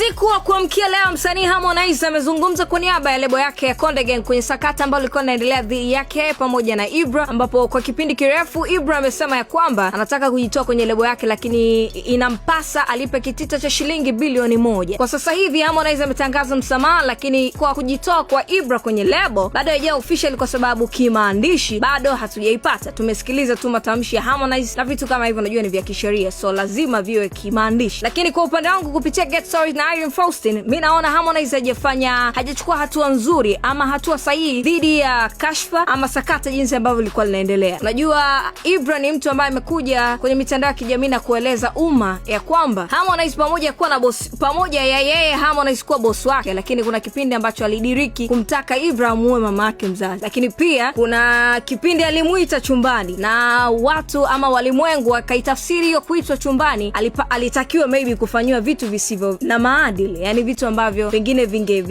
Usiku wa kuamkia leo msanii Harmonize amezungumza kwa niaba ya lebo yake ya Konde Gang kwenye sakata ambalo lilikuwa linaendelea dhidi yake pamoja na Ibra, ambapo kwa kipindi kirefu Ibra amesema ya kwamba anataka kujitoa kwenye lebo yake, lakini inampasa alipe kitita cha shilingi bilioni moja. Kwa sasa hivi Harmonize ametangaza msamaha, lakini kwa kujitoa kwa Ibra kwenye lebo bado haijawa official kwa sababu kimaandishi bado hatujaipata. Tumesikiliza tu matamshi ya Harmonize na vitu kama hivyo, najua ni vya kisheria, so lazima viwe kimaandishi, lakini kwa upande wangu kupitia Get Sorry na Diamond Faustin, mimi naona Harmonize hajafanya hajachukua hatua nzuri ama hatua sahihi dhidi ya kashfa ama sakata jinsi ambavyo ilikuwa linaendelea. Unajua, Ibra ni mtu ambaye amekuja kwenye mitandao ya kijamii na kueleza umma ya kwamba Harmonize pamoja kuwa na boss, pamoja ya yeye Harmonize kuwa boss wake, lakini kuna kipindi ambacho alidiriki kumtaka Ibra amuue mama yake mzazi, lakini pia kuna kipindi alimuita chumbani na watu ama walimwengu wakaitafsiri hiyo kuitwa chumbani alipa, alitakiwa maybe kufanyiwa vitu visivyo na maana maadili, yani vitu ambavyo pengine vinge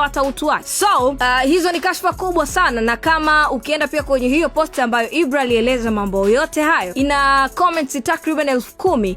hata utuaji. So uh, hizo ni kashfa kubwa sana, na kama ukienda pia kwenye hiyo posti ambayo Ibra alieleza mambo yote hayo, ina comments takriban elfu kumi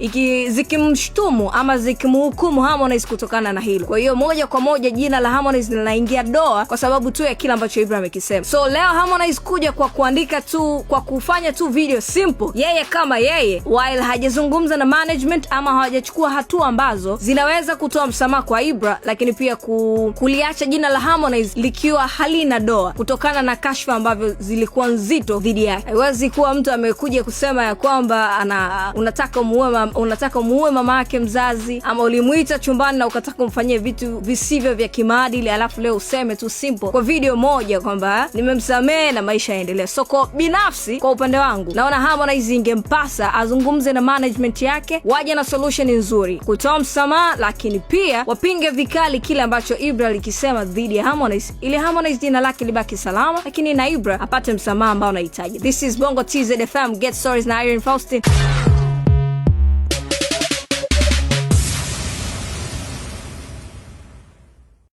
zikimshtumu ama zikimhukumu Harmonize kutokana na hilo. Kwa hiyo moja kwa moja jina la Harmonize linaingia doa kwa sababu tu ya kile ambacho Ibra amekisema. So leo Harmonize kuja kwa kuandika tu, kwa kufanya tu video simple yeye kama yeye, while hajazungumza na management ama hawajachukua hatua ambazo zinaweza kutoa msamaha kwa Ibra, lakini pia ku, kuliacha jina la Harmonize likiwa halina doa kutokana na kashfa ambavyo zilikuwa nzito dhidi yake. Haiwezi kuwa mtu amekuja kusema ya kwamba ana unataka umuue mama, unataka muue mama yake mzazi, ama ulimuita chumbani na ukataka kumfanyia vitu visivyo vya kimaadili, alafu leo useme tu simple kwa video moja kwamba ah, nimemsamehe na maisha yaendelea. So kwa binafsi, kwa upande wangu naona Harmonize ingempasa azungumze na management yake, waje na solution nzuri kutoa msamaha, lakini pia pia wapinge vikali kile ambacho Ibra alikisema dhidi ya Harmonize ili Harmonize jina lake libaki salama, lakini na Ibra apate msamaha ambao anahitaji. This is Bongo tzfm get stories na Irene Faustin.